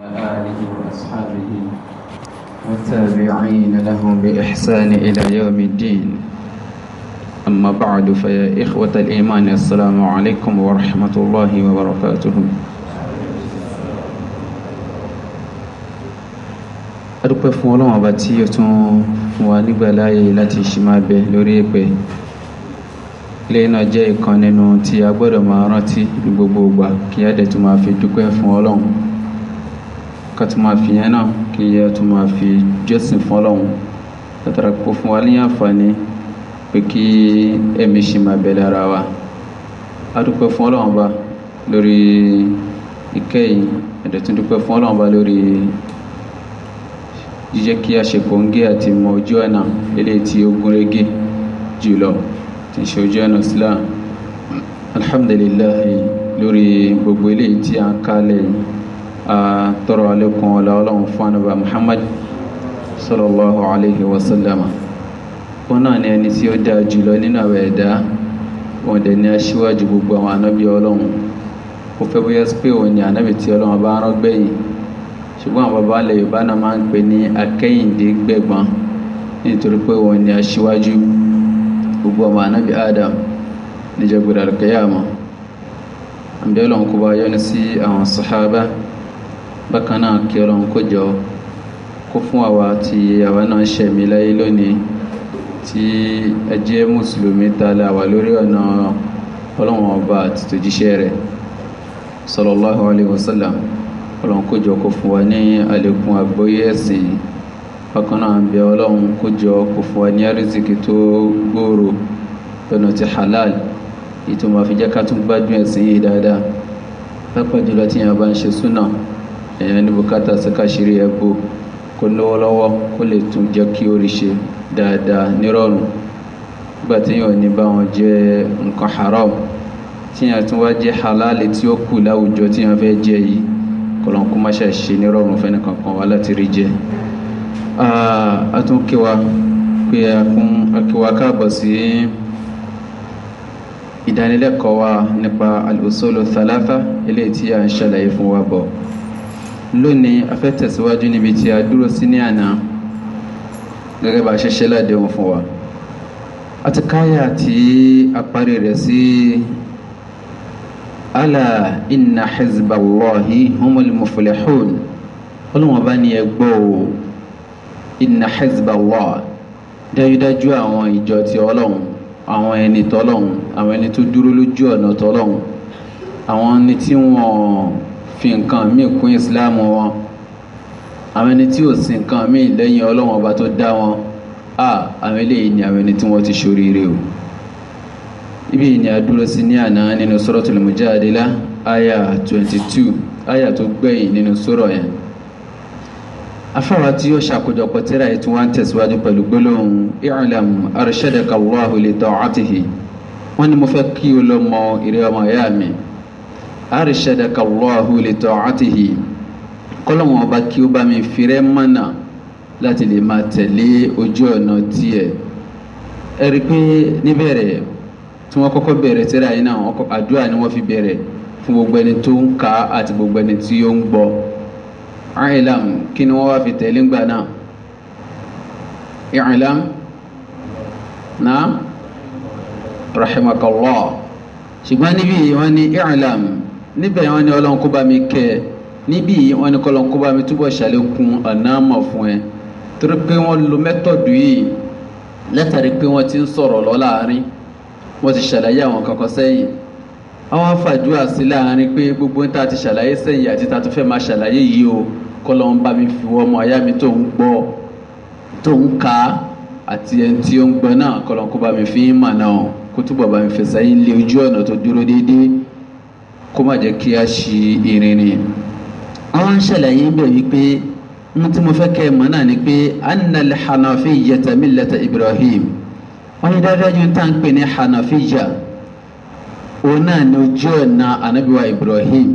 آله وأصحابه والتابعين لهم بإحسان إلى يوم الدين أما بعد فيا إخوة الإيمان السلام عليكم ورحمة الله وبركاته adúpẹ́ fún ọlọ́run ọba tí ó tún fún wa nígbà láàyè láti ṣì máa bẹ lórí èpè ilé náà jẹ́ ìkan nínú tí a gbọ́dọ̀ máa rántí ní gbogbo ìgbà kí á dẹ̀ tún máa fi dúpẹ́ fún ọlọ́run ká tó máa fi yẹn náà kí yẹ tó máa fi jọ́sìn fún ọlọ́run látara kó fún wa ní àǹfààní pé kí ẹ̀mí ṣì máa bẹ̀rẹ̀ ara wa a lori fún ọlọ́run bá lórí ìkẹ́ yìí ẹ̀dẹ̀ tún dúpẹ́ fún ọlọ́run bá lórí jíjẹ́ kí a ṣe kòńgẹ́ àti mọ ojú ọ̀nà eléyìí tí ó gúnrégé jùlọ tí ń ṣe ojú ọ̀nà Islam alhamdulilayi lórí gbogbo eléyìí tí a ń kálẹ̀ yìí tọrọ alekun ọlá Ọlọ́run fún anaba Muhammad sallallahu alayhi wa sallama wọn náà ní ẹni tí ó dáa jùlọ nínú àwọn ẹ̀dá wọn dẹ̀ ní aṣíwájú gbogbo àwọn anábì Ọlọ́run ó fẹ́ bóyá pé òun ni anábì tí Ọlọ́run bá rán gbẹ̀yìn ṣùgbọ́n àwọn baba alẹ́ Yorùbá náà máa ń pè ní akẹ́yìndé gbẹ̀gbọ́n nítorí pé òun ni aṣíwájú gbogbo ọmọ anábì Adam níjẹ́ gbọdọ̀ àlùkẹ́yà mọ́ àbí Ọlọ́run kó bá yọ́nú sí àwọn sàhábà bákan náà kí ọlọ́run kó jọ kó fún àwa tí àwa náà ṣẹ̀mí láyé lónìí tí ẹ mùsùlùmí ta la wà lórí ọ̀nà ọlọ́run ọba àti tòjíṣẹ́ rẹ̀ sallallahu alayhi wa sallam ọlọ́run kó jọ kó fún wa ní àlékún àgbọ́yé ẹ̀sìn bákan náà ń bẹ ọlọ́run kó jọ kó fún wa ní àrísìkì tó gbòòrò lọ́nà ti halal èyí tó máa fi jẹ́ ká tún gbádùn ẹ̀sìn yìí dáadáa pápá jùlọ tí yàrá bá ń ṣe súnà èèyàn ní bùkátà sí káṣírí ẹbú kó lówó lọ́wọ́ kó lè tún jẹ́ kí ó rí ṣe dáadáa nírọ̀rùn nígbà tí yóò ní bá wọn jẹ nǹkan haram tí yẹn tún wá jẹ́ halálì tí ó kù láwùjọ tí fẹ́ jẹ yìí kọlọ́nkú má ṣe ṣe nírọ̀rùn fẹ́ni kankan wá láti rí jẹ. wa pé a kí wa káàbọ̀ sí ìdánilẹ́kọ̀ọ́ wa nípa al-usulu thalatha eléyìí tí a ń ṣàlàyé fún wa bọ̀ lónìí a fẹ́ tẹ̀síwájú níbi tí a dúró sí ní àná gẹ́gẹ́ bá a ṣe ṣe ládéhùn fún wa a káyà tí a parí rẹ̀ sí ala inna hizballahi humul muflihun ọlọ́wọ́n bá ní ẹgbọ́ o inna hizballah dájúdájú àwọn ìjọ ti ọlọ́run àwọn ẹni tọ́lọ́run àwọn ẹni tó dúró lójú ọ̀nà tọ́lọ́run àwọn ẹni tí wọ́n fi nǹkan míì kún ìsìláàmù wọn àwọn ẹni tí ò sin nǹkan míì lẹ́yìn ọlọ́wọ́n ọba tó dá wọn a àwọn eléyìí ni àwọn ẹni tí wọ́n ti ṣoríire o ibi ni a dúró sí ní àná nínú Suratul Mujadila aya twenty two aya tó gbẹ̀yìn nínú sọ̀rọ̀ yẹn afáwa tí yóò ṣàkójọpọ̀ tírà yìí tí wọ́n ń tẹ̀síwájú pẹ̀lú gbólóhùn i'lam arshadaka Allahu li ta'atihi wọ́n ní mo fẹ́ kí o ìrẹ́ ọmọ ìyá mi arṣadaka Allahu li ta'atihi kọ́lọ́wọ́n ọba kí ó bá mi fìrẹ́ mọ́nà láti lè máa tẹ̀lé ojú ọ̀nà tiẹ̀ ẹ rí i pé níbẹ̀rẹ̀ tí wọ́n kọ́kọ́ bẹ̀rẹ̀ tírà yìí náà àdúrà ni wọ́n fi bẹ̀rẹ̀ fún gbogbo ẹni tó ń ka àti gbogbo ẹni tí ó ń gbọ́ àìlám kí ni wọ́n wá fi tẹ̀lé ńgbà náà ìrìnlám náà rahimakallah ṣùgbọ́n níbí wọ́n ní ìrìnlám níbẹ̀ wọ́n ni ọlọ́run kó bá mi kẹ́ ẹ níbí wọ́n ní kọ́lọ́run kó bá mi túbọ̀ ṣàlékún ọ̀nà àmọ̀ fún ẹ torí pé wọ́n lo mẹ́tọ̀dù yìí látàrí pé wọ́n ti ń sọ̀rọ̀ lọ láàrin wọ́n ti ṣàlàyé àwọn kankan sẹ́yìn àwọn afàdúrà sí láàrin pé gbogbo ń ta ti ṣàlàyé sẹ́yìn àti ta tó fẹ́ máa ṣàlàyé yìí o kọ́lọ́run bá mi fi wọ́n mọ àyà mi tó ń gbọ́ tó ń ka àti ẹni tí ó ń gbọ́ náà kọ́lọ́run kó bá mi fi ń mà náà kó túbọ̀ bá mi fẹsẹ̀ yín lé ojú ọ̀nà tó dúró déédéé kó má jẹ́ kí a ṣi irin ni. àwọn ṣàlàyé ń bẹ̀ wípé ní tí mo fẹ́ kẹ́ ẹ mọ̀ náà ni pé annal hanafiyyata millata ibrahim wọ́n ní dájú tá à ń pè ní hanafiyya òun náà ni ojú ọ̀nà anabiwa ibrahim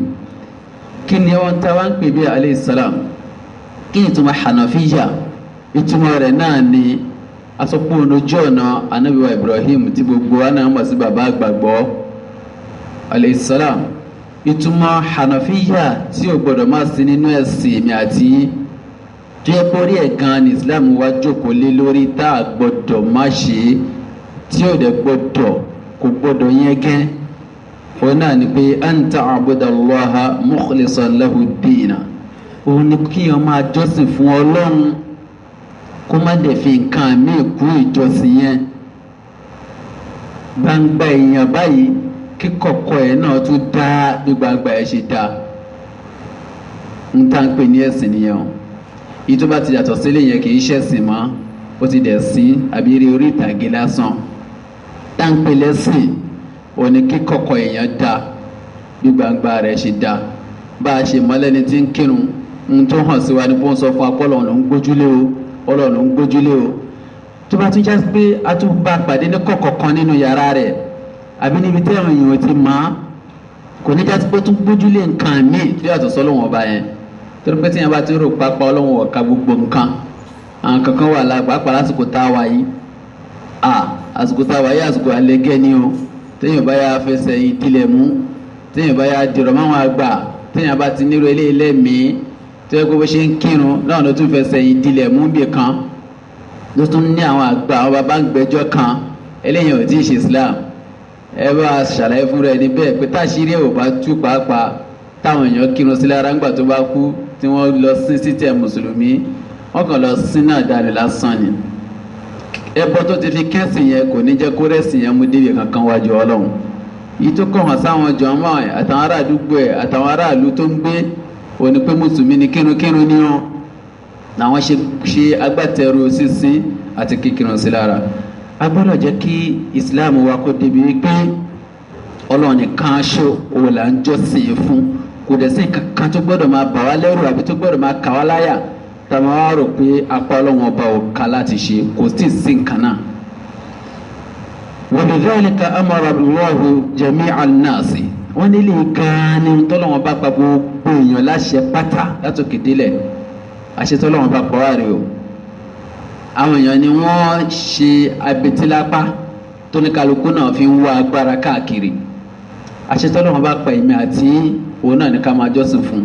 kí ni wọ́n ta wá ń pè bí alayhi salam kí ni ìtumọ̀ hanafiyya ìtumọ̀ rẹ̀ náà ni asopọ̀ ojú ọ̀nà anabiwa ibrahim tí gbogbo wa náà mọ̀ sí baba àgbàgbọ́ alayhi salam ìtumọ̀ hànàfíyà tí ò gbọ́dọ̀ máa sí nínú ẹ̀sìn èmi àti yín tó yẹ ẹ̀ gan ni Islam wá jókòó lé lórí tá a gbọ́dọ̀ má ṣe é tí ò dẹ̀ gbọ́dọ̀ kò gbọ́dọ̀ yẹn gẹ́ òun náà ni pé anta abudallaha mukhlisan lahu dina òun ni kí wọn máa jọ́sìn fún Ọlọ́run kó má dẹ̀ fi nǹkan míì kún ìjọsìn yẹn gbangba èèyàn báyìí kíkọ̀kọ̀ ẹ̀ náà tún dá bí gbangba ẹ̀ ṣe dá ń tá ń pè ní ẹ̀sìn nìyẹn o yìí tó bá ti yàtọ̀ sílé yẹn kì í ṣẹ̀sìn mọ́ ó ti dẹ̀ sín àbí eré orí ìtàgé lásán tá ń pè lẹ́sìn òní kíkọ̀kọ̀ èèyàn dá bí gbangba rẹ̀ ṣe dá bá a ṣe mọ́lẹ́ni tí ń kírun ń tó hàn sí wa ni bó ń sọ fún wa pọ́lọ̀ ń gbójúlé o ọlọ́run ń gbójúlé o tó bá tún já pé a tún bá pàdé ní kọ̀kọ̀ kan nínú yàrá rẹ̀ àbí níbi tí àwọn èèyàn ti máa kò ní jásí pé tún gbójúlé nǹkan míì tí yàtọ̀ sọ́lọ́wọ́n ọba yẹn torí pé tíyẹn bá ti rò pápá ọlọ́wọ́n ọ̀ka gbogbo nǹkan àwọn kankan wà lágbà lásìkò tá a wà yìí à àsìkò tá a wà yìí àsìkò àlẹ́gẹ́ ni o téèyàn bá yà fẹsẹ̀ yìí tilẹ̀ mú téèyàn bá yà dìrọ̀ máwọn àgbà téèyàn bá ti nírò ilé ẹlẹ́mìí tó yẹ kó bó ṣe ń kírun náà ló tún fẹsẹ̀ yìí dilẹ̀ mú bì kan ló tún ní àwọn àgbà àwọn bàbá kan eléyìí ò tí ì ṣe Islam ẹ bá ṣàlàyé fún rẹ ní bẹ́ẹ̀ pé táṣírí ò bá tú pàápàá táwọn èèyàn kírun sílẹ̀ ara ńgbà tó bá kú tí wọ́n lọ sí sítẹ̀ mùsùlùmí wọ́n kàn lọ sí náà dànù lásán ni ẹbọ tó ti fi kẹ́sìn yẹn kò ní jẹ́ kó rẹ́sìn yẹn mú débi kankan wájú ọlọ́run yìí tó kọ̀ wọ́n sáwọn jọ̀ọ́mọ́ ẹ̀ àtàwọn ará àdúgbò ẹ̀ àtàwọn aráàlú tó ń gbé òní pé mùsùlùmí ni kírunkírun ní wọn làwọn ṣe agbátẹrù sísìn àti kíkírun sí lára a gbọ́dọ̀ jẹ́ kí islam wa kó débi wípé ọlọ́run nìkan ṣó òun là ń jọ́sìn fún kò dẹ̀ sí nǹkan kan tó gbọ́dọ̀ máa bà wá lẹ́rù àbí tó gbọ́dọ̀ máa kà wá láyà tàbí wá rò pé apá ọlọ́run ọba ò ká láti ṣe kò sì sí nǹkan náà. وبذلك أمر الله جميع الناس wọ́n nílé gan-an ni tọ́lọ́wọ́n bá pa gbogbo èèyàn láṣẹ pátá látòkè délẹ̀ àṣetọ́lọ́wọ́n bá pa wá rèé o àwọn èèyàn ni wọ́n ṣe abetílápá tóníkàlùkù náà fi ń wá agbára káàkiri àṣetọ́lọ́ wọn bá pa èmi àti òun náà ní ká máa jọ́sìn fún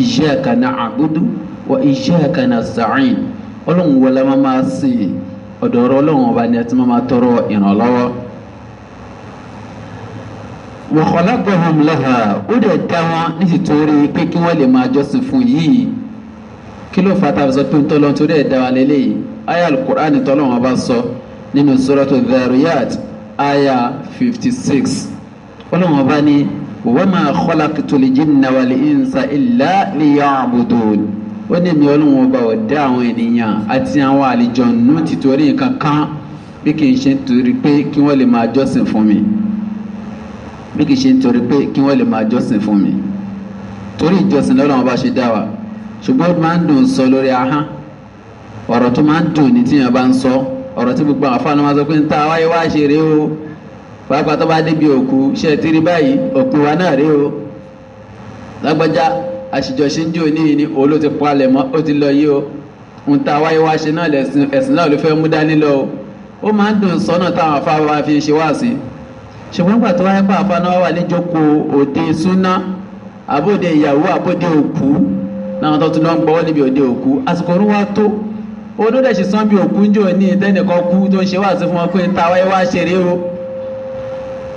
iyyaka na'budu wa iyyaka nasta'in ọlọ́run wọlé máa máa sìn ọ̀dọ̀ ọ̀rọ̀ ọlọ́run ọba ni ẹ ti máa tọrọ ìrànlọ́wọ́ wa khalaqahum laha ó dẹ̀ dá wọn nítorí pé kí wọ́n lè máa jọ́sìn fún yìí kí ló fà á tàbí sọ pé ń tọ́lọ́ nítorí ẹ̀ dá wa lélẹ́yìí aya alukur'ani tọ́lọ́wọ́n bá sọ nínú suratu dariyat aya fifty six ọlọ́wọ́n bá ní wama khalaqtul jinna wal insa illa liya'budun ó ní mi ọlọ́wọ́n bá ọ̀dá àwọn ènìyàn àti àwọn àlìjọ̀nù tìtorí nǹkan kan bí kì í ṣe nítorí pé kí le lè máa jọ́sìn fún mi bí kì í ṣe nítorí pé kí wọ́n lè máa jọ́sìn fún mi torí ìjọsìn lọ́lọ́wọ́n bá ṣe dá wa ṣùgbọ́n ó máa ń dùn sọ lórí ọ̀rọ̀ tó máa ń dùn ní tíyẹn bá ń sọ ọ̀rọ̀ tí gbogbo àwọn afáàní máa sọ pé ń ṣe rèé o pàápàá tó bá débi òkú ṣe ti rí báyìí òkú wa náà rèé o lágbájá àṣìjọṣe ń níyì ni òun ló ti palẹ̀ mọ́ ó ti lọ yí o ń ta wáyé wá ṣe náà ẹ̀sìn náà ló fẹ́ mú dání lọ o ó máa ń dùn sọ́nà táwọn afáàní wa fi ṣe wá sí ṣùgbọ́n wáyé pa wa wà òde súná ìyàwó òkú náà odó dẹ̀ sì sán bí òkúńjò ní tẹ́nìkan kú tó ń ṣe wá sí fún wọn pé ń ta wáyé wá ṣeré o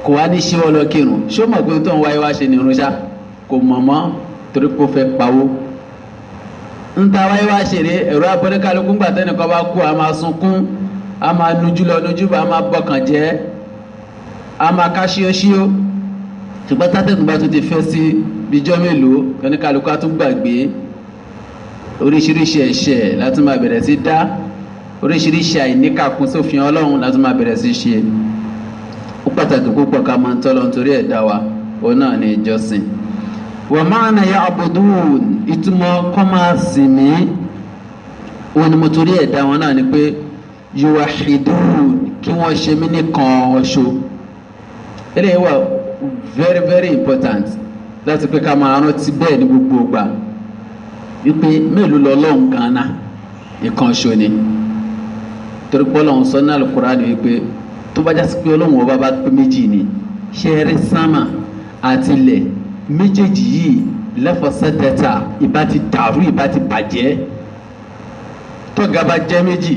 kò wá ní ṣé wọn lọ kírun ṣé ó mọ̀ pé tó ń wáyé wá ṣe ní irun kò mọ̀ mọ́ torí kò fẹ́ pawó ń ta wáyé wá ṣeré ẹ̀rọ abọ́dékálukú ńgbà tẹ́nìkan bá kú a máa sunkún a máa nujú lọ nujú bá a máa bọkàn jẹ́ a máa ká ṣíóṣíó ṣùgbọ́n tátẹ́gùn bá ti fẹ́ sí bíjọ́ mélòó kẹ́ni á tún gbàgbé oríṣiríṣi ẹ̀ṣẹ̀ láti máa bẹ̀rẹ̀ sí dá oríṣiríṣi àìníkàkún sófin ọlọ́run láti máa bẹ̀rẹ̀ sí ṣe ó pàtàkì púpọ̀ ká máa ń tọ́lọ nítorí ẹ̀dá wa òun náà ni ìjọsìn wọ́n máa ń ya abudun ìtumọ̀ kọ́ máa sìn mí òun ni mo torí ẹ̀dá wọn náà ni pé yuwahidun kí wọ́n ṣe mí nìkan ọ̀ṣọ́ eléyìí wà very very important láti pé ká máa rántí bẹ́ẹ̀ ní gbogbo ìgbà wípé mélòó lọ́lọ́run gánà nìkan ṣo ni torí pé ọlọ́run sọ ní Al-Qur'ani wípé tó bá jásí pé ọlọ́run ọba bá pé méjì ni ṣẹ́ẹ́rì sámà àti ilẹ̀ méjèèjì yìí lẹ́fọ̀sẹ́dẹ́ta ìbá ti dàrú ìbá ti bàjẹ́ tọ́ga bá jẹ́ méjì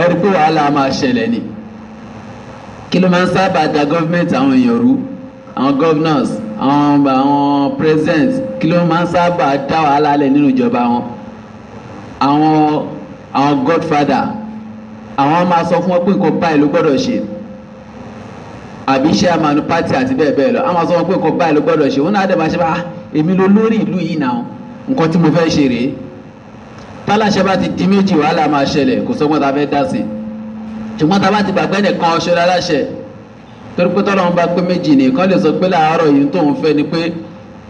ẹ̀rí pé wàhálà máa ṣẹlẹ̀ ni kí ló máa ń sábà da gọ́fíńmẹ̀ntì àwọn èèyàn rú àwọn gọ́fínọ̀sì àwọn àwọn president kí ló máa ń sábà dá wàhálà lẹ̀ nínú ìjọba wọn àwọn àwọn godfather àwọn máa sọ fún wọn pé nǹkan báyìí ló gbọ́dọ̀ ṣe àbí iṣẹ́ àmàlù pátì àti bẹ́ẹ̀ bẹ́ẹ̀ lọ àwọn máa sọ wọn pé nǹkan báyìí ló gbọ́dọ̀ ṣe wọn náà dẹ̀ máa ṣe bá ah, èmi ló lórí ìlú yìí náà nǹkan tí mo fẹ́ ṣe rèé tálàṣẹ bá ti di méjì wàhálà máa ṣẹlẹ̀ kò sọ́gbọ́n ta fẹ́ dá sí ṣùgbọ́n ta bá ti gbàgbẹ́ nìkan ọ̀ṣọ́ torí pé tọ́lọ́run bá pé méjì nìkan lè sọ pé láàárọ̀ yìí tóun fẹ́ ni pé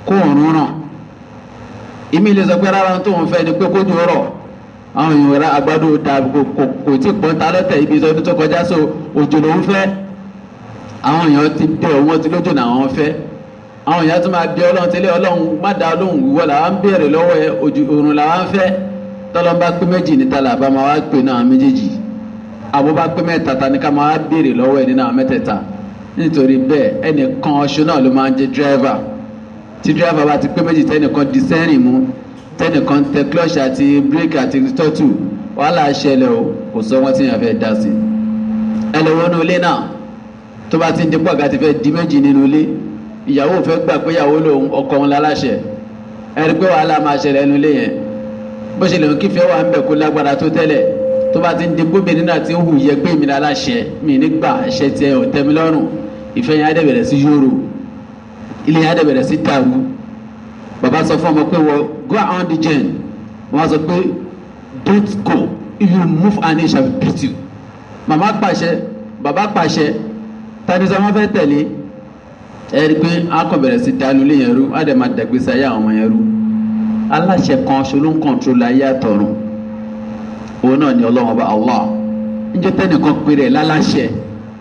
kó òun ràn ìmí lè sọ pé rárá tóun fẹ́ ni pé kó dùn rọ̀ àwọn èèyàn rà àgbàdo dà kò tí pọ́n ta lọ́tẹ̀ so òjò ló ń fẹ́ àwọn èèyàn ti bẹ̀ wọ́n ti lójú náà wọ́n fẹ́ àwọn èèyàn tó máa bí ọlọ́run tẹ́lẹ̀ ọlọ́run má da ọlọ́run wíwọ́ ń lọ́wọ́ ẹ òrùn fẹ́ tọ́lọ́n bá pé méjì níta ni ká máa lọ́wọ́ ẹ nítorí bẹ́ẹ̀ ẹnìkan ọṣù náà ló máa ń jẹ́ dírẹ́fà tí dírẹ́fà bá ti pé méjì tẹ́nìkan di sẹ́rìn mú tẹ́nìkan tẹ klọ́ọ̀ṣì àti bíréèkì àti tọ́tù wàhálà ṣẹlẹ̀ o kò sọ wọ́n ti yàn fẹ́ dá sí i. ẹ lọ wọnú ilé náà tó bá ti ń dípò àgàtì fẹ́ di méjì nínú ilé ìyàwó fẹ́ gbà pé ìyàwó lòun ọkọ òun láláṣẹ ẹ rí pé wàhálà máa ṣẹlẹ̀ ẹnu ilé yẹn bó ṣe lòun kífẹ́ wà ń bẹ̀ kó lágbára tó tẹ́lẹ̀ tó bá ti ń dípò bìnrin náà ti ń hù yẹ pé mi láláṣẹ mi nígbà ẹ̀ṣẹ̀ tiẹ̀ ò tẹ́mi lọ́rùn ìfẹ́ yẹn á dẹ̀ bẹ̀rẹ̀ sí yóró ilé yẹn á dẹ̀ bẹ̀rẹ̀ sí dàrú bàbá sọ fún ọmọ pé wọ go around the gen wọ́n sọ pé don't go if you move and he shall beat you màmá pàṣẹ bàbá pàṣẹ tani sọ wọn fẹ́ tẹ̀lé ẹ rí i pé akọ bẹ̀rẹ̀ sí dalu lé yẹn rú á dẹ̀ máa dẹ̀gbèsè ayé àwọn ọmọ yẹn rú aláṣẹ kan ṣoló ń kọ̀ntrol ayé àtọ̀run òun náà ni ọlọ́wọ́n bá Allah ń jẹ́ tẹ́nìkan péré láláṣẹ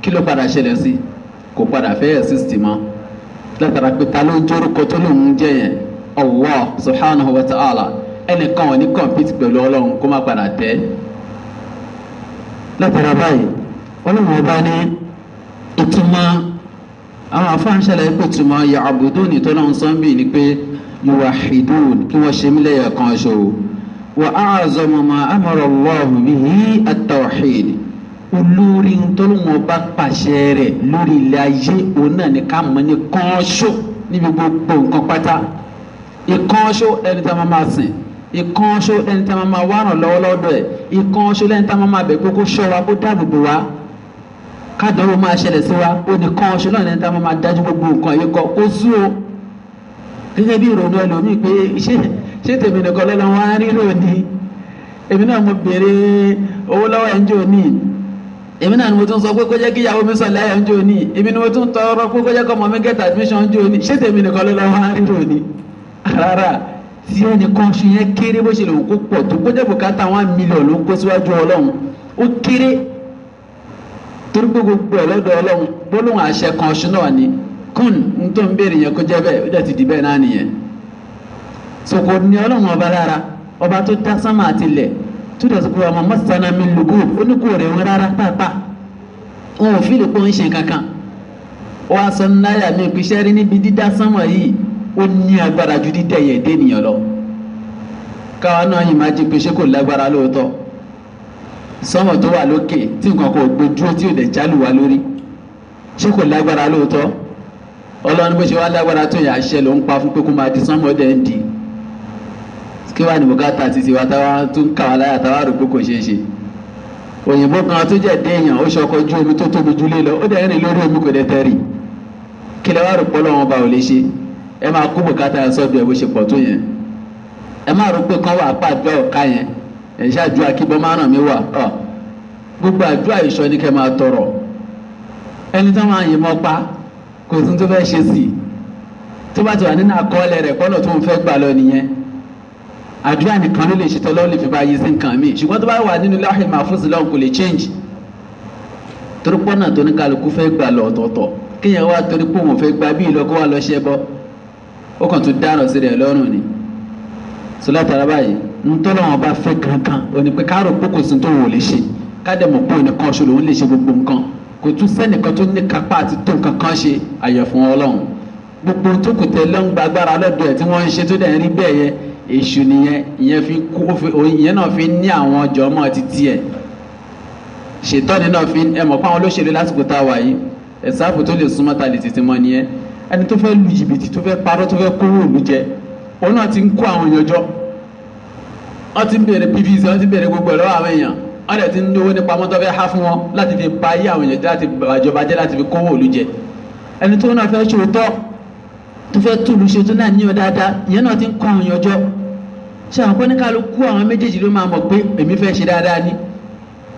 kí ló padà ṣẹlẹ̀ sí i kò padà fẹ́ ẹ̀sìsì mọ́ látara pé ta ló ń jórúkọ tó lòun jẹ́ yẹn Allah subhanahu wa ta'ala ẹnìkan ò ní kọ̀mpìtì pẹ̀lú ọlọ́run kó má padà tẹ́ látara báyìí ọlọ́run ọba ní ìtumọ̀ àwọn afáǹṣẹ́lẹ̀ pé ìtumọ̀ ya àbùdó ní tọ́lá ń sọ́nbì ni pé yòwà hìdùn kí wọ́n ṣe mílẹ̀ yẹ̀ kan ṣòro wà á àzọmọ̀mọ̀ amara Allahu bihi at-tawhid olórí ntọ́lùmọ̀ bá pàṣẹ rẹ̀ lórí ilẹ̀ ayé òun náà ni ká mọ̀ ní kọ́ńṣó níbi gbogbo nǹkan pátá ìkọ́ńṣó ẹni tá a máa máa sìn ìkọ́ńṣó ẹni tá a máa máa wá ràn lọ́wọ́ lọ́dọ̀ ẹ̀ ìkọ́ńṣó lẹ́ni tá a máa máa bẹ̀ pé kó ṣọ́ wa kó dáàbò bò wa kádọ́rọ̀ máa ṣẹlẹ̀ sí wa ó ní kọ́ńṣó náà lẹ́ni tá a máa máa dájú gbogbo nǹkan yìí kọ́ kó sú o gẹ́gẹ́ bí ìrònú ẹlòmíì pé ṣé tèmi nìkan lọ́lọ́ wọn á rí èmi náà mo béèrè owó lọ́wọ́ ẹ̀ ń jò níì èmi náà ni mo tún sọ pé kó jẹ́ kí ìyàwó mi sọ lẹ́yà ń jò èmi ni mo tún tọrọ pé kó kọ́ ọmọ mi get admission ń jò ní ṣé tèmi nìkan ló lọ́wọ́ ń jò ní. rárá tí ẹnìkan ṣe yẹn kéré bó ṣe lè kó pọ̀ tó kó jẹ́ bùkátà one million ló ń kó síwájú ọlọ́run ó kéré torí pé gbogbo ẹ̀ lọ́dọ̀ ọlọ́run gbólóhùn àṣẹ kan ṣúná wà ní kún n tó ń béèrè yẹn kó bẹ́ẹ̀ ó dẹ̀ ti tó dẹ̀ sọ pé ọmọ mọ́sánà mi lògó o rẹ̀ ń rárá pàápàá wọn ò fi lè kó ń ṣe kankan wọn aṣọ náírà mi pé iṣẹ́ rí níbi dídá sánmọ̀ yìí ó ní agbára ju dídẹ̀ yẹn dé ènìyàn lọ káwa náà yìí máa jí pé ṣé kò lágbára lóòótọ́ sánmọ̀ tó wà lókè tí nǹkan kò gbójúó tí ò dẹ̀ jálù wá lórí ṣé kò lágbára lóòótọ́ ọlọ́run bó ṣe wá lágbára tó yà á ló ń pa fún pé kó máa di sánmọ̀ dẹ̀ ń dì í kí wàá ní bùkátà àti tiwa táwa tún kà wá láyà táwa rò pé kò ṣeé ṣe òyìnbó kan tó jẹ́ déèyàn ó ṣọkọ ju omi tó tóbi jù lé lọ ó dẹ̀ rìn lórí omi kò dẹ̀ tẹ́rì kí lè wá rò pọ́lọ́ wọn bá ò lè ṣe ẹ máa kú bùkátà sọ́ọ̀bì ẹ̀ bó ṣe pọ̀ tó yẹn ẹ má rò pé kán wà pa àdúrà ọ̀ka yẹn ẹ̀ ṣáàdúrà kí bọ́ máa ràn mí wà ọ̀ gbogbo àdúrà ìṣọ́ ni kẹ́ máa tọrọ ẹni tó máa yìnbọn pa kò tún tó fẹ́ ṣe sí tó bá ti wà nínú àkọọ́lẹ̀ rẹ̀ pọ́lọ̀ tó ń fẹ́ gbà lọ nìyẹn àdúrà nìkan ló lè ṣe tọ́lọ́ lè fi bá yí sí nǹkan mi ṣùgbọ́n tó bá wà nínú láàrin mahfuz lọ́hùn kò lè change torí pọ́nà tó ní kálukú fẹ́ gbà lọ ọ̀tọ̀ọ̀tọ̀ kéèyàn wá torí pé òun fẹ́ gba bí ìlọ́kọ́ wà lọ́ṣẹ́ bọ́ ó kàn tún dáràn sí rẹ̀ lọ́rùn ni sọlátara báyìí ń tọ́lọ́ wọn bá fẹ́ kankan òní pé káàrò pé kò sí tó wò lè ṣe kádẹ́mọ̀ pé òní kan ṣe lòun lè ṣe gbogbo nǹkan kò tún sẹ́nìkan tó ní kápá àti tó nǹkan kan ṣe àyẹ̀fún ọlọ́run gbogbo tó kù tẹ́ lọ́ngbàgbára lọ́dọ̀ ẹ̀ tí wọ́n ń ṣe tó dẹ̀ ń rí bẹ́ẹ̀ yẹn èṣù nìyẹn ìyẹn fi kú ìyẹn náà fi ní àwọn ọjọ́ ọmọ títí ẹ̀ ṣètọ́ni náà fi ẹ mọ̀ pé àwọn olóṣèlú lásìkò tá a wà yìí ẹ̀sáàfù tó lè súnmọ́ ta lè tètè mọ́ nìyẹn ẹni tó fẹ́ lu jìbìtì tó fẹ́ parọ́ tó fẹ́ kówó òlu jẹ òun náà ti ń kó àwọn èèyàn jọ wọ́n ti ń bèrè pvc wọ́n ti ń bèrè gbogbo ẹ̀ lọ́wọ́ àwọn èèyàn wọ́n dẹ̀ ti ń lówó nípa mọ́tò fẹ́ há fún wọn láti fi ba ayé àwọn èèyàn láti bàjọba jẹ́ láti fi kówó òlu jẹ ẹni tó náà fẹ́ ṣòótọ́ tó fẹ́ túlù ṣe tó náà níyàn dáadáa ìyẹn náà ti ń kọ́ àwọn èèyàn jọ ṣe àwọn kọ́níkàlùkù àwọn méjèèjì ló máa mọ̀ pé èmi fẹ́ ṣe dáadáa ni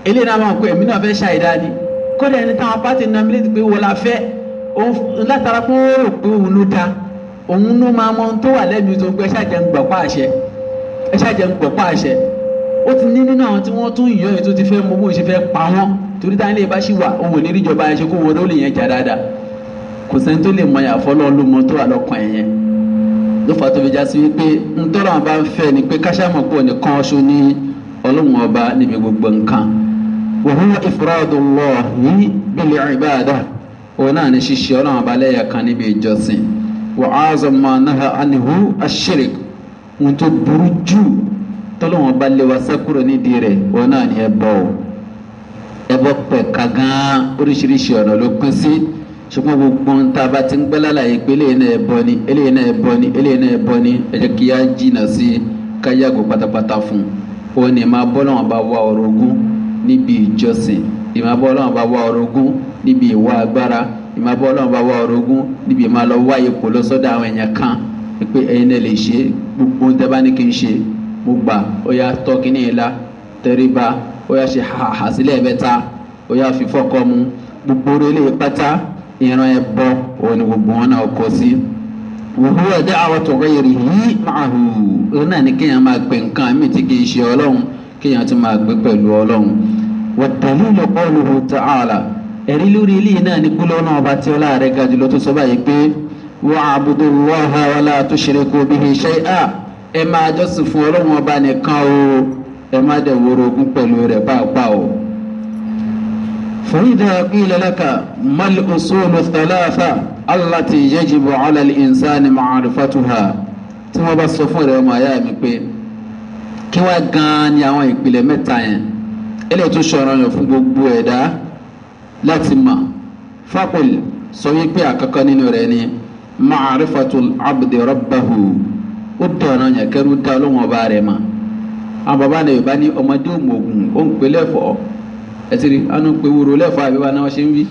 eléyìí náà máa pé èmi náà fẹ́ ṣàìdá ni kódà ẹni táwọn pátì náà mílíọ̀tì pé wọ́n la fẹ́ látara pé ó rò pé òun ló da òun ló máa mọ ohun tó wà lẹ́nu tó ń pẹ́ ṣàjẹ́ ń gbọ̀pá àṣẹ ẹ ṣàjẹ́ ń gbọ̀pá àṣẹ ó ti ní nínú àwọn tí wọ́n tún yọ èyí tó ti fẹ́ mọ bó ṣe fẹ́ pa wọ́n torí táwọn ilé ìbá ṣì wà òun ò ní ríjọba ẹ ṣe kó wọ́n ló lè yẹn jà dáadáa kò sẹ́ni tó lè mọ àyàfọ́lọ́ ló mọ tó wà lọ́kàn ẹ̀ yẹn ló fà tó fi já sí wípé ntọ́rọ̀ àwọn bá ń fẹ́ ni pé káṣámọ̀ pọ̀ nìkan ṣo ní ọlọ́run ọba níbi gbogbo nǹkan wa huwa ifradullahi bil ibadah òun náà ní ṣíṣe ọlọ́run ọba lẹ́yà kan níbi ìjọsìn wa azama naha anihu ashirik ohun tó burú jù tọ́lọ́run ọba lé wa sẹ́kúrò nídìí rẹ̀ òun náà ní ẹbọ ẹbọ pẹ̀ka gan oríṣiríṣi ọ̀nà ló pín sí ṣùgbọ́n gbogbo ń tá a bá ti ń gbẹ́ lálàyé pé eléyìí náà ẹbọ ni eléyìí náà ẹbọ ni eléyìí náà ẹbọ ni ẹ jẹ́ kí á jìnnà sí ká yàgò pátápátá fún un òun ni máa bọ́ lọ́wọ́n bá wá orogún níbi ìjọsìn ìmáa bọ́ lọ́wọ́n bá wá orogún níbi ìwà agbára ìmáa bọ́ lọ́wọ́n bá wá orogún níbi ìmáa lọ wá ipò lọ́sọ́dọ̀ àwọn èèyàn kan pé ẹ̀yin náà lè ṣe gbogbo ń tẹ́ ní kí n ṣe mo gbà ó tọ́kí ní ìlà tẹríba ó yá ṣe hàhà sílẹ̀ mẹ́ta ó yá fífọ́kọ́ mu gbogbo orí ilé pátá ìran ẹbọ òun ni gbogbo wọn náà kọ sí. wòhúwà da'watu ghayrihi ma'ahu òun náà ni kéèyàn máa pè nǹkan àmì tí kì í ṣe ọlọ́run kéèyàn tún máa gbé pẹ̀lú ọlọ́run. wa dalilu qawluhu ta'ala ẹ̀rí lórí ilé náà ni gbólóhùn náà bá tí ọlá rẹ̀ ga jùlọ tó sọ báyìí pé wa'budu Allaha wa la tushriku bihi shay'a ẹ máa jọ́sìn fún ọlọ́run ọba nìkan o ẹ má dẹ̀ wọ́rọ̀ ogún pẹ̀lú rẹ̀ pàápàá o. فإذا قيل لك ما الأصول الثلاثة التي يجب على الإنسان معرفتها tí wọ́n bá sọ fún ẹ̀rọ ọmọ àyà mi pé kí wá gan-an ni àwọn ìpìlẹ̀ mẹ́ta yẹn eléyìí tó ṣọ̀rọ̀ yàn fún gbogbo ẹ̀dá láti mọ̀ fápòl sọ wípé àkọ́kọ́ nínú rẹ̀ ni ma'arifatul abdi rabbahu ó dọ̀nà yàn kẹ́rù dá lóhùn ọba rẹ̀ mọ̀ àwọn bàbá náà yorùbá ní ọmọdé òmùgùn ó ń pelé ẹ̀fọ́ ẹtìrì anú pé wúro lẹ́fọ̀ àbíwá náà ṣe ń bí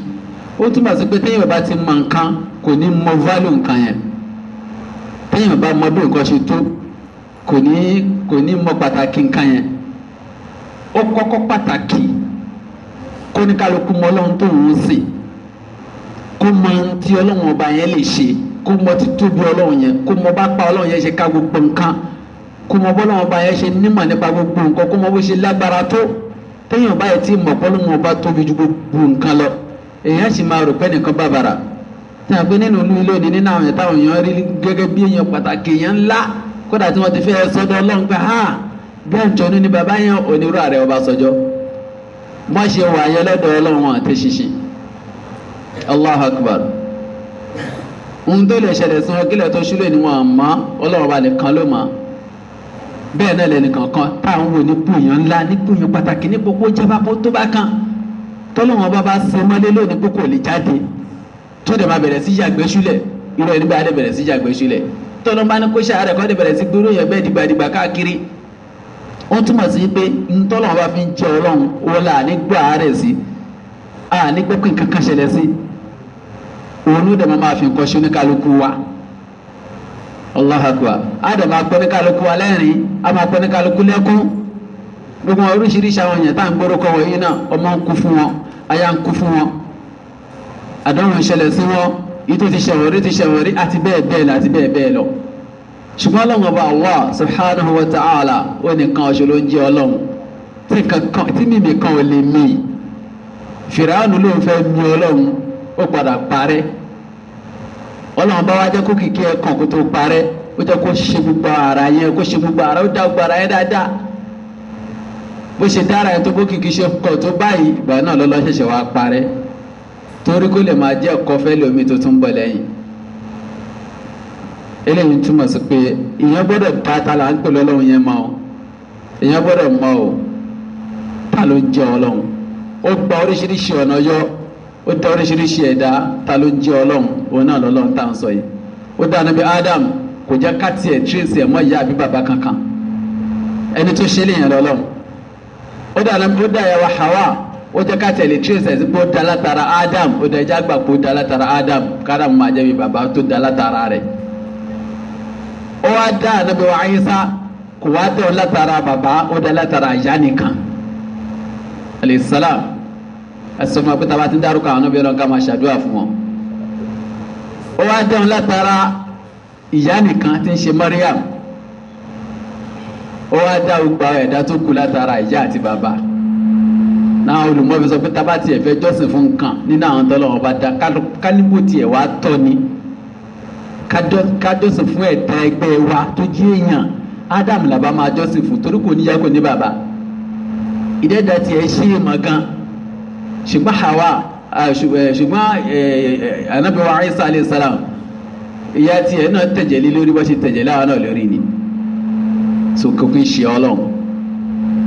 ó túmọ̀ sí pé téèyàn bàbá ti mọ nǹkan kò ní mọ válù nǹkan yẹn téèyàn bá mọ bí nǹkan ṣe tó kò ní kò ní mọ pàtàkì nǹkan yẹn ó kọ́kọ́ pàtàkì kó ní kálukú mọ ọlọ́run tó ń sìn kó mọ ohun ọlọ́run ọba yẹn lè ṣe kó mọ títóbi ọlọ́run yẹn kó mọ bá pa ọlọ́run yẹn ṣe ká gbogbo nǹkan kó mọ bọ́lọ́run ọba yẹn ṣe nímọ̀ nípa gbogbo nǹkan kó mọ bó ṣe lágbára tó téèyàn báyìí tí mọ̀ pọ́lọ́mù ọba tóbi ju gbogbo nǹkan lọ èèyàn sì máa rò pé nìkan bàbàrà tí a pé nínú ìlú ilé òní nínú àwọn ìtàwọn èèyàn rí gẹ́gẹ́ bí èèyàn pàtàkì èèyàn ńlá kódà tí wọ́n ti fẹ́ sọ́dọ̀ ọlọ́run pé ha bí àjọ ní bàbá yẹn onírú ààrẹ ọba sọjọ́ wọ́n ṣe wà yẹn lọ́dọ̀ ọlọ́run àti ṣinṣin Allahu Akbar ohun tó lè ṣẹlẹ̀ sí wọn kílẹ̀ tó ṣúlẹ̀ ni wọn àmọ́ ọlọ́run ọba nìkan ló máa bẹ́ẹ̀ náà lẹ́nìkan kan tá à ń wò ní gbòòyàn ńlá ní gbòòyàn pàtàkì ní gbogbo ìjọba kó tó bá kan tọ́lọ́wọ́n bá bá ṣe mọ́lé lónìí pé kò lè jáde tó dẹ̀ máa bẹ̀rẹ̀ sí yàgbẹ́ ṣúlẹ̀ irú ẹni bá dẹ̀ bẹ̀rẹ̀ sí yàgbẹ́ ṣúlẹ̀ tọ́lọ́ bá ní kó ṣe àárẹ̀ kọ́ dẹ̀ bẹ̀rẹ̀ sí gbúrú yẹn bẹ́ẹ̀ dìgbàdìgbà káàkiri ó túmọ̀ sí pé ntọ́lọ́wọ́n bá fi ń allah akbar adam akpẹnikaluku alẹ́rìn ama akpẹnikaluku lẹ́kún gbogbo wọn oríṣiríṣi àwọn èèyàn tá à ń gbórúkọ wọ̀nyí náà ọmọ ń kú fún wọn aya ń kú fún wọn àdánwò ìṣẹ̀lẹ̀ sí wọn ìtò ti ṣẹ̀wọ̀n rí ti ṣẹ̀wọ̀n rí àti bẹ́ẹ̀ bẹ́ẹ̀ lọ àti bẹ́ẹ̀ bẹ́ẹ̀ lọ ṣùgbọ́n ọlọ́run ọba Allah subhanahu wa ta'ala ó nìkan ọ̀ṣọ́ ló ń jẹ́ ọlọ́run tí mímì kan ò lè mí fìràánù ló ń fẹ́ mi ọlọ́run ó padà parẹ́ ọlọ́run bá wá jẹ́ kó kìkì ẹ̀ kàn kó tó parẹ́ ó jẹ́ kó ṣe gbogbo ara yẹn kó ṣe gbogbo ara ó dá gbogbo ara yẹn dáadáa bó ṣe dára yẹn tó bó kìkì ṣe kọ̀ tó báyìí ìgbà náà lọ́lọ́ ṣẹ̀ṣẹ̀ wá parẹ́ torí kó lè máa jẹ́ ọ̀kọ́ fẹ́ lómi tó tún bọ̀ lẹ́yìn eléyìí túmọ̀ sí pé ìyẹn gbọ́dọ̀ bá ta là ń pè lọ́lọ́run yẹn mọ́ ọ ìyẹn gbọ́dọ̀ mọ́ ọ ta ló ń jẹ́ ọlọ́run ó gba oríṣiríṣi ọ̀nà yọ ó tẹ oríṣiríṣi ẹ̀dá ta ló ń jẹ́ ọlọ́run òun náà lọ́lọ́run tá à ń sọ yìí ó dá níbi Adam kò jẹ́ káàtì ẹ̀ tírèsì ẹ̀ mọ́ ìyá àbí bàbá kankan ẹni tó ṣe léyìn lọ́lọ́run ó dá níbi ó dá ìyàwó Hawa ó jẹ́ káàtì ẹ̀ lè tírèsì ẹ̀ sí dá látara Adam ó dá ẹja gbà pé dá látara Adam kára mu máa jẹ́ bí bàbá tó dá látara rẹ̀ ó wá dá níbi wa Isa kò wá tẹ̀ látara bàbá ó dá látara ìyá nìkan alayhi salam ẹsọ fún wa pé taba ti ń dárúkọ àwọn ọbẹ̀ ọlọ́run ká máa ṣàdúrà fún wọn. ó wá dẹ́hùn látara ìyá nìkan tí ń ṣe Mariam ó wá dá gbogbo àwọn ẹ̀dá tó kù látara ìyá àti bàbá náà olùmọ̀bí sọ pé taba tiẹ̀ fẹ́ jọ́sìn fún nǹkan nínú àwọn tọ́lọ́wọ́n bá dá kálíbù tiẹ̀ wá tọ́ ni kájọ́sìn fún ẹ̀dá ẹgbẹ́ wa tó jí èèyàn Ádámù làbá máa jọ́sìn fún torí kò níyá kò ní bàbá ìdẹ́dà tiẹ̀ ṣe é mọ̀ gan-an ṣùgbọ́n hawa ṣùgbọ́n anabiwa isa alayhi salam ìyá tiẹ̀ náà tẹ̀jẹ̀lé lórí bá ṣe tẹ̀jẹ̀lé àwọn náà lórí ni so kò kí ṣe ọlọ́run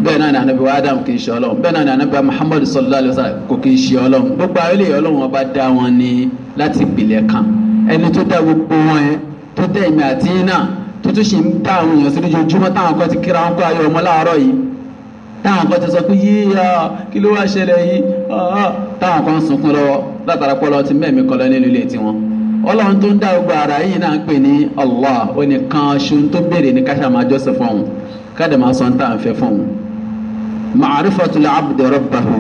bẹ́ẹ̀ náà ni anabiwa adam kì í ṣe ọlọ́run bẹ́ẹ̀ náà ni anabiwa muhammad sallallahu alayhi wa sallam kò kí n ṣe ọlọ́run gbogbo àwọn ilé ọlọ́run ọba dá wọn ní láti ìpìlẹ̀ kan ẹni tó dá gbogbo wọn yẹn tó dá èmi àti yín tó tún ṣe ń dá àwọn èèyàn sí lójoojúmọ́ táwọn kan ti kíra wọn kó ayọ̀ ọmọ láàárọ̀ yìí táwọn kan ti sọ pé yíyá kí ló wá ṣẹlẹ̀ yìí táwọn kan sunkún lọ́wọ́ látara pọ́lọ́ ti mẹ́mí kọlọ́ nínú ilé tiwọn ọlọ́run tó ń dá gbogbo ara yìí náà ń pè ní Allah onìkan ṣun tó béèrè ní káṣá máa jọ́sìn fún òun káàdì máa sọ ń tà ń fẹ́ fún òun. ma'arifatul abdi rabbahu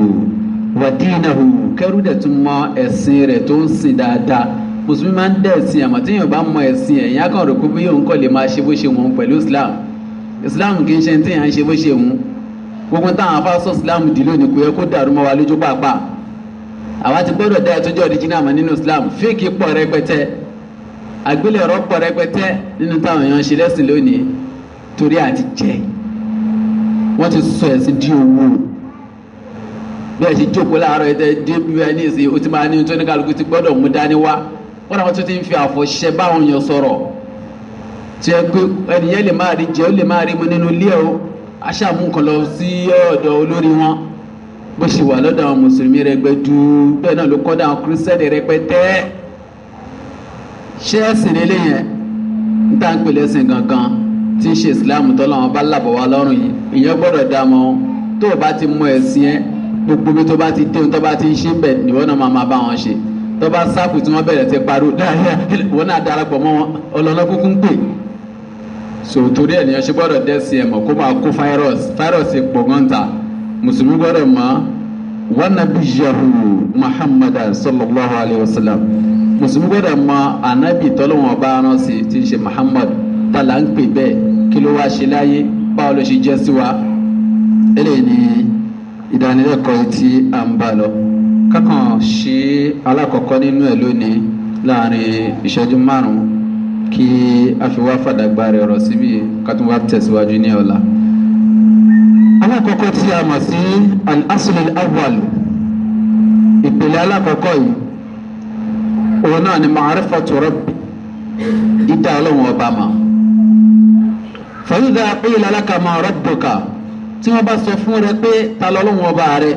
wa dinahu kẹ́rù dẹ̀ tún mọ ẹ̀sìn rẹ̀ tó ń sìn dáadáa mùsùlùmí máa ń dẹ̀ ẹ̀sìn àmọ́ tí yóò bá mọ ẹ̀sìn ẹ̀yìn akọ̀rọ̀ kó bí yóò ń kọ́ lè máa ṣe bó ṣe wọn pẹ̀lú Islam Islam kì í ṣe tí yàn ṣe bó ṣe wọn gbogbo táwọn afáṣọ islam dì lónìí kò yẹ kó dàrú mọ́ wa lójú pàápàá àwa ti gbọ́dọ̀ dá ẹtọ́jú ọ̀díjínà mọ́ nínú islam fíìkì pọ̀ rẹpẹtẹ àgbélẹ̀rọ pọ̀ rẹpẹtẹ nínú táwọn èèyàn ṣe lẹ́sìn lónìí torí àti jẹ wọ́n ti sọ ẹ̀sìn di owó bẹ́ẹ̀ ṣe jókòó láàárọ̀ ẹ̀tẹ́ dé bí wẹ́n ní ìsìn o ti máa ní tóní kálukú ti gbọ́dọ̀ mú dání wá wọ́n náà wọ́n ti ń fi àfọ̀ṣẹ báwọn èèyàn sọ̀rọ̀ tí ẹ pé ẹnìyẹn lè máa rí jẹ́ ó lè máa rí mu nínú ilé o aṣáàmú nǹkan lọ sí ọ̀dọ̀ olórí wọn bó ṣe wà lọ́dọ̀ àwọn mùsùlùmí rẹgbẹdú bẹ́ẹ̀ náà ló kọ́ dáhùn kírísítẹ́nì rẹpẹtẹ ṣé ẹ̀sìn nílé yẹn ń tá ń pèlè ẹ̀sìn gangan tí ń ṣe ìsìláàmù tọ́lọ́ wọn bá làbọ̀ wá lọ́rùn yìí ìyẹn gbọ́dọ̀ dá mọ́ tó o bá ti mọ ẹ̀sìn yẹn gbogbo mi tó bá ti dé tó bá ti ṣe bẹ̀ níwọ́ náà máa bá wọn ṣe tó bá sáàpù tí wọ́n bẹ̀rẹ̀ ti pariwo dáadáa wọn náà darapọ̀ mọ́ wọn pè so torí ẹ̀ ní ẹ ṣe gbọ́dọ̀ dẹ́sí ẹ̀ mọ̀ kó máa kó virus virus pọ̀ gan mùsùlùmí gbọ́dọ̀ mọ̀ wa nabiyyahu muhammad sallallahu alayhi wa sallam mùsùlùmí gbọ́dọ̀ mọ̀ anabi tọ́lọ́wọ́n bá rán sí ti ṣe muhammad tala ń pè bẹ́ẹ̀ kí ló wá ṣe láyé báwo ló ṣe jẹ́ sí wa eléyìí ni ìdánilẹ́kọ̀ọ́ tí a ń bá lọ kákan ṣe alákọ̀ọ́kọ́ nínú ẹ̀ lónìí láàrin ìṣẹ́jú márùn-ún kí a fi wá fàdàgbà rẹ̀ ọ̀rọ̀ síbi ká tún wá tẹ̀síwájú ní ọ̀la. alákọ̀ọ́kọ́ tí a mọ̀ sí al-asl al-awwal ìpìlẹ̀ alákọ̀ọ́kọ́ yìí òun náà ni ma'rifatu rabbi ìdá ọlọ́run ọba mà fa idha qila laka ma rabbuka tí wọ́n bá sọ fún rẹ pé ta lọ́lọ́run ọba rẹ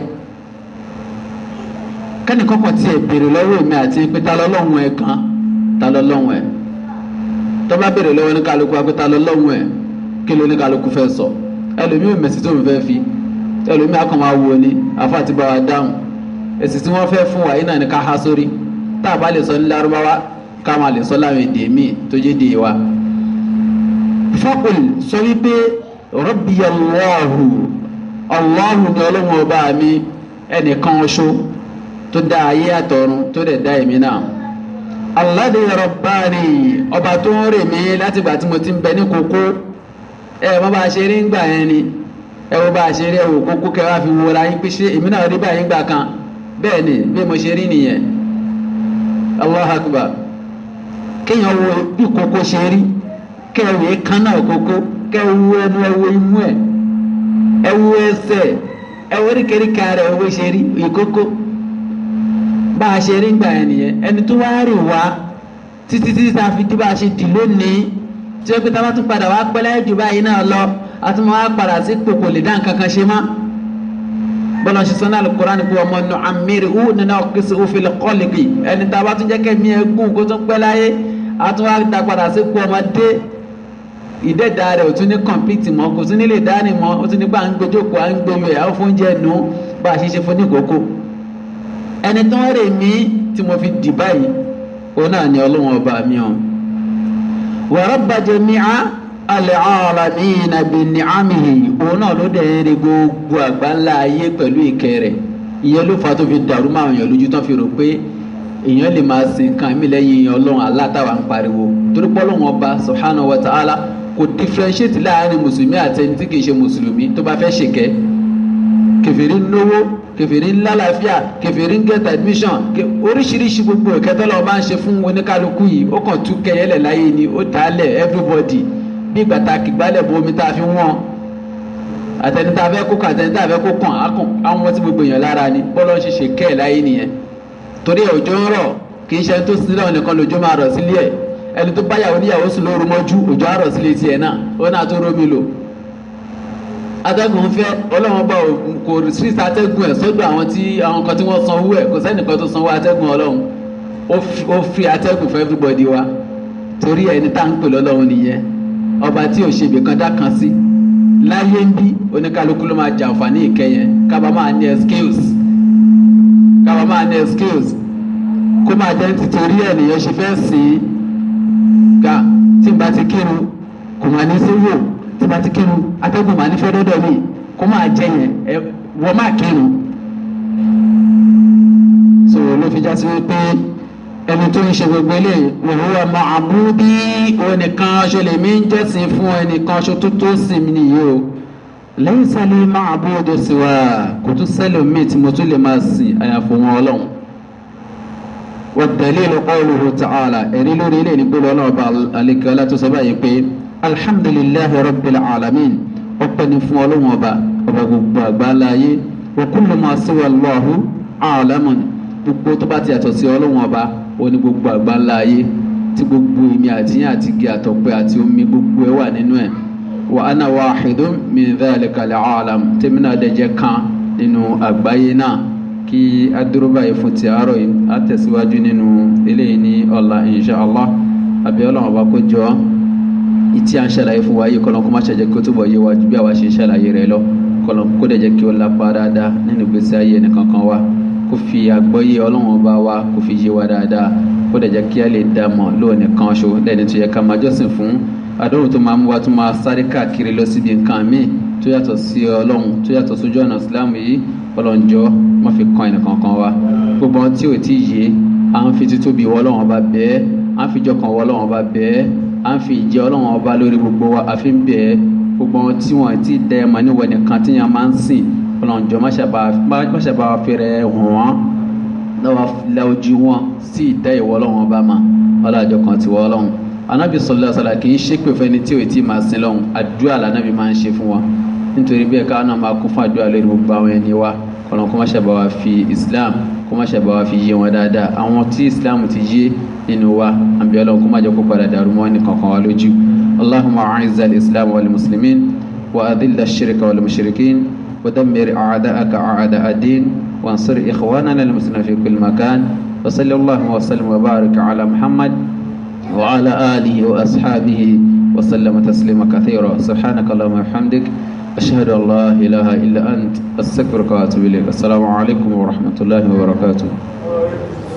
kẹ́nìkọ́kọ́ tiẹ̀ béèrè lọ́wọ́ mi àti pé ta lọ́lọ́run ẹ̀ kan ta lọ́lọ́run ẹ̀ tọ́ba béèrè lọ́wọ́ ní kálukú agbẹ́ta lọ́lọ́hún ẹ̀ kí ló ní kálukú fẹ́ sọ ẹlòmíì mẹ̀sì tó ń fẹ́ fi ẹlòmíì akọ̀mọ́ awo ni afa ti bá wa dáhùn èsì tí wọ́n fẹ́ fún wa yìí náà ni ká há sórí tá a bá lè sọ ní lárúbáwá ká máa lè sọ láwọn èdè míì tó jẹ́ dè wa. fọ́kùn sọ wípé rọ́bì ọlọ́hù ọlọ́hù ni ọlọ́hùn ọba mi ẹnìkan ṣo tó dá ayé àtọ̀run tó dẹ̀ dá èmi náà. aládé rọ̀bárì ọba tó ń rè mí látìgbà tí mo ti ń bẹ ní kókó ẹ ṣe rí ń gbà yẹn ni ẹ bá ṣe rí ẹ wò kókó fi wo ra yín pé ṣé èmi náà rí báyìí gbà kan bẹ́ẹ̀ ni bí mo ṣe rí nìyẹn allah kéèyàn wo bí kókó ṣe rí kan náà kókó ẹnu ẹwọ imú ẹ ẹwọ ẹsẹ ẹwọ bá a ṣe rí gbà yẹn nìyẹn ẹni tó wá rè wá títí títí tá a fi di bá a ṣe dì lónìí tí ó pé tá a bá tún padà wá pẹ́ láyé jù báyìí náà lọ a tún máa padà sí kòkò lè dá nǹkan kan ṣe mọ́ bọ́lá ṣe sọ́nà alukurani kó ọmọ nù amírí ó nínú ọ̀kísí òfin kọ́lìkì ẹni tá a bá tún jẹ́ kẹ́mi ẹgún kó tún pẹ́ láyé a tún wá da padà sí kó ọmọdé ìdẹ́ẹ̀dá rẹ̀ ò tún ní kọ̀mpìtì mọ́ kò tún nílé dání mọ́ ó tún ní bá ń gbójókòó à ń gbóyò ẹ̀ àwọn fóúnjẹ nù bá a ṣe fún ní kókó ẹni tó ń rè mí tí mo fi dì báyìí òun náà ni ọlọ́wọ́n ọba mi o. wa rabba jami'a al-alamina bi ni'amihi òun náà ló dẹ̀ ń re gbogbo àgbáńlá ayé pẹ̀lú ìkẹ́ rẹ̀ ìyẹn ló fa tó fi dàrú máa yàn lójú tán fi rò pé èèyàn lè máa sin kan mí lẹ́yìn ọlọ́run alátàwà ń pariwo torí pé ọlọ́run ọba subhanahu wa ta'ala kò differentiate láàrin mùsùlùmí àti ẹni tí kì í ṣe mùsùlùmí tó bá fẹ́ ṣèkẹ́ kẹfìrí ń lówó kẹfìrí ń get admission oríṣiríṣi gbogbo ìkẹtọ́ lọ́wọ́ máa ń ṣe fún oníkálukú yìí ó kàn tú kẹyẹlẹ̀ láyé ni ó dálẹ̀ everybody bí gbàtàkì gbálẹ̀ bo omi tá a fi wọ́n àtẹni tá a fẹ́ kó kàn àtẹni tá a fẹ́ kó kàn àwọn ọmọ tí gbogbo èèyàn lára ni bọ́lá ń ṣiṣẹ́ kẹ́ ẹ̀ láyé nìyẹn torí ẹ̀ òjò ń rọ̀ kì í ṣe ẹni tó sílẹ̀ òun nìkan lójó máa rọ̀ sílé ẹni tó báyàwó níyàwó sùn lóru òjò á rọ̀ sílé tiẹ̀ náà ó náà tó rómi lò atẹ́gùn ń fẹ́ ọlọ́run bá kò sí atẹ́gùn ẹ̀ sọ́dọ̀ àwọn tí àwọn kan tí wọ́n sanwó ẹ̀ kò sẹ́nìkan tó sanwó atẹ́gùn ọlọ́run ó fi atẹ́gùn fún everybody wa torí ẹni tá à ń pè lọ́lọ́run nìyẹn ọba tí ò ṣe ibìkan dá kan sí láyé ń bí oníkálukú ló máa jàǹfààní ìkẹyẹn kábà máa ní excuse kábà máa ní excuse kó máa jẹ́ nítorí ènìyàn ṣe fẹ́ sìn ín ga tí n bá ti kírun kò máa ní sí wò tí bá ti kírun atẹ́gùn màá nífẹ̀ẹ́ dọ́dọ̀ mi kó máa jẹ yẹn ẹ wọ́n máa kírun. so ló fi já sí wípé ẹni tó ń ṣe gbogbo eléyìí wòwúrọ̀ mọ àmúdí onìkan ṣe lè mí ń jẹ́sìn fún ẹnìkan ṣe tó tó sìn mí nìyí o lẹ́yìn sálẹ̀ máa bó odò sí wa kò tún sẹ́lòmíì tí mo tún lè máa sìn àyàfò wọn ọlọ́run والدليل قوله تعالى إن لوري لين يقول الله بالك لا تسبع يبين alhamdulilahi rabbil alamin ọpẹ́ ni fún ọlọ́run ọba ọba gbogbo àgbáláyé wa kullu ma siwa Allahu alamun gbogbo tó bá ti yàtọ̀ sí ọlọ́run ọba òní gbogbo àgbáláyé tí gbogbo èmi àtìyàn àti igi àtọ̀pẹ àti omi gbogbo ẹ wà nínú ẹ̀ wa ana wahidun min dhalika al-alam tèmi náà dẹ̀jẹ̀ kan nínú àgbáyé náà kí adúróbà yìí fún ti àárọ̀ yìí á tẹ̀síwájú nínú eléyìí ní ọ̀la insha àbí ọlọ́run ọba kó jọ ọ́ ìtí à ń ṣàlàyé fún wa yìí kọ́lọ́n kó má ṣe jẹ́ kí ó túbọ̀ yé wa ju bí àwa ṣe ń ṣàlàyé rẹ̀ lọ kọ́lọ́n kó dẹ̀ jẹ́ kí ó lápá dáadáa nínú ìgbésí ayé ẹnìkankan wa kó fi àgbọ́yé ọlọ́run ọba wa kó fi yé wa dáadáa kó dẹ̀ jẹ́ kí a lè dá mọ̀ lóòní kan ṣo lẹ́ni tó yẹ ká máa jọ́sìn fún àdóhùn tó máa mú wa tó máa sáré káàkiri lọ síbi nǹkan míì tó yàtọ̀ sí ọlọ́run tó yàtọ̀ sójú ọ̀nà ìsìláàmù yìí ọlọ́njọ́ má fi kan ẹnìkankan wa gbogbo ohun tí ò tí ì yé à ń fi títóbi wọ́ ọlọ́run ọba bẹ́ẹ̀ à ń fi jọkàn wọ́ ọlọ́run ọba bẹ́ẹ̀ à ń fi ìjẹ ọlọ́run ọba lórí gbogbo wa àfi ń bẹ̀ ẹ́ gbogbo wọn tí wọn ti dẹ ẹ mọ̀ níwọ̀n nìkan tí yẹn máa ń sìn ọlọ́run jọ má ṣàbà fẹ́rẹ̀ hàn wọ́n lọ́wọ́ la ojú wọn sí ìtẹ́ ìwọ ọlọ́run ọba mà ọlọ́jọ kan ti wọ ọlọ́run anábì sọlá sọlá kì í ṣépè fẹ́ni tí ò tí máa sin lọ́hùn àdúrà lànàbì máa ń ṣe fún wa nítorí bẹ́ẹ̀ káwọn náà máa kún fún àdúrà lórí gbogbo àwọn ẹni wa kọ̀ọ̀nà kó má ṣàbà fi Islam kó má ṣàbà wá fi yé wọn dáadáa àwọn tí Islam ti yé nínú wa àbí ọlọ́run kó má jẹ́ kó padà dàrú mọ́ ẹnì kankan wa lójú allahumma a'izz al-islam wal muslimin wa adhill ash-shirka wal mushrikin wa dammir a'da'aka a'da' ad-din wa ansur ikhwanana al-muslimin fi kulli makan wa sallallahu wa sallam wa barik ala muhammad wa ala alihi wa ashabihi wa sallama taslima kathira subhanaka allahumma wa bihamdik أشهد أن لا إله إلا أنت أستغفرك وأتوب إليك السلام عليكم ورحمة الله وبركاته